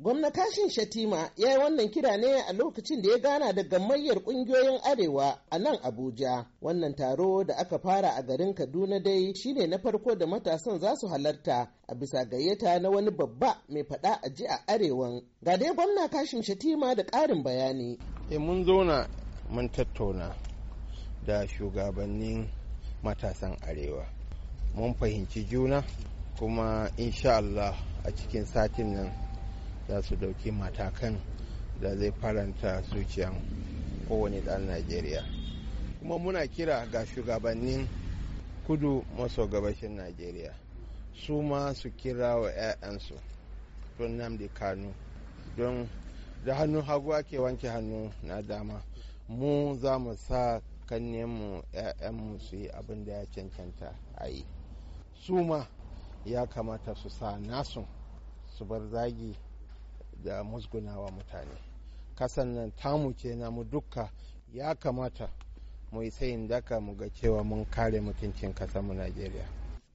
Gwamna Kashin Shatima ya yi wannan kira ne a lokacin da ya gana da gamayyar ƙungiyoyin Arewa a nan Abuja. Wannan taro da aka fara a garin Kaduna dai shine na farko da matasan za su halarta a bisa gayyata na wani babba mai faɗa a ji a Arewan. Ga dai gwamna Kashin Shatima da ƙarin bayani. E mun zauna mun tattauna da shugabannin matasan Arewa. Mun fahimci juna kuma insha Allah a cikin satin nan za su dauki matakan da zai faranta zuciyan kowane ɗan najeriya kuma muna kira ga shugabannin kudu maso gabashin najeriya su ma su kira wa 'ya'yansu tun namdi kanu don da hannun hagu ake wanke hannu na dama mu za mu sa kannenmu 'ya'yanmu su yi abin da ya cancanta a yi su ma ya kamata su sa nasu su bar zagi da musgunawa mutane kasan nan tamu ce namu dukka ya kamata mu yi sayin daka mu ga cewa mun kare mutuncin mu najeriya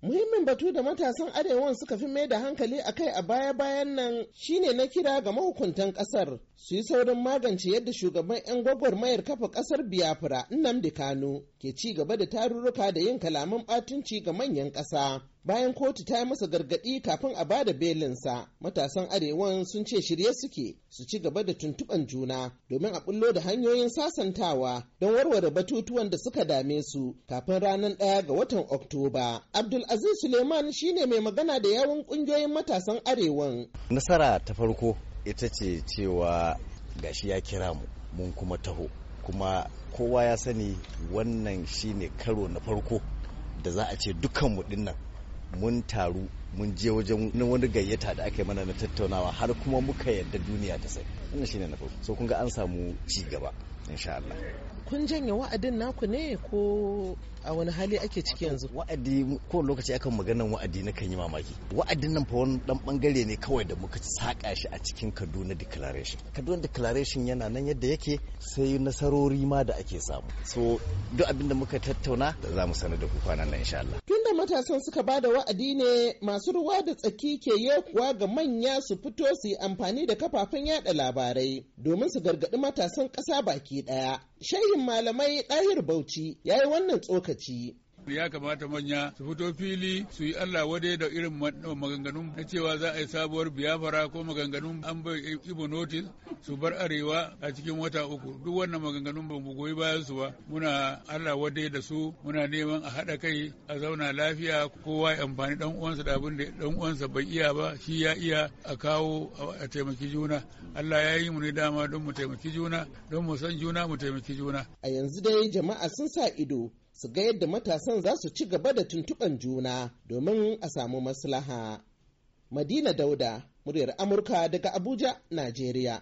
muhimmin batu da matasan arewan suka fi mai da hankali a kai a baya-bayan nan shine na kira ga mahukuntan kasar su yi saurin magance yadda shugaban 'yan gwagwarmayar kafa kasar biafra nnamdi kano ke ci gaba da tarurruka da yin kalaman batunci ga manyan kasa bayan kotu ta yi masa gargaɗi kafin a ba da belinsa matasan arewan sun ce shirye suke su ci gaba da tuntuɓan juna domin a bullo da hanyoyin sasantawa don warware batutuwan da suka dame su kafin ranar ɗaya ga watan oktoba abdulaziz suleiman shine mai magana da yawon ƙungiyoyin matasan arewan nasara ta farko ita ce cewa gashi ya kira mu mun kuma taho kuma kowa ya sani wannan shine karo na farko da za a ce dukkanmu dinnan mun taru mun je wajen wani gayyata da aka yi mana na tattaunawa har kuma muka yadda duniya ta sai wannan shine na farko so kun ga an samu ci gaba insha Allah kun janye wa'adin naku ne ko a wani hali ake ciki yanzu wa'adi ko lokaci akan maganar wa'adi na kan yi mamaki wa'adin nan fa wani dan bangare ne kawai da muka saka shi a cikin Kaduna declaration Kaduna declaration yana nan yadda yake sai nasarori ma da ake samu so duk abin da muka tattauna za mu sanar da ku kwanan nan insha Allah tun Ranar matasan suka ba da wa'adi ne masu ruwa da tsaki ke yaukuwa ga manya su fito su yi amfani da kafafen yada labarai domin su gargaɗi matasan ƙasa baki ɗaya. Shayin malamai ɗahir Bauchi ya yi wannan tsokaci. ya kamata manya su fito fili su yi Allah wade da irin maganganun na cewa za a yi sabuwar biyafara ko maganganun an bai ibo notice su bar arewa a cikin wata uku duk wannan maganganun ba mu goyi bayan su ba muna Allah wade da su muna neman a haɗa kai a zauna lafiya kowa ya amfani dan uwansa da abin da dan uwansa bai iya ba shi ya iya a kawo a taimaki juna Allah ya yi mu ne dama don mu taimaki juna don mu san juna mu taimaki juna a yanzu dai jama'a sun sa ido su ga yadda matasan za su ci gaba da tuntuɓan juna domin a samu maslaha. Madina Dauda, muryar Amurka daga Abuja, Najeriya.